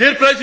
Dear President,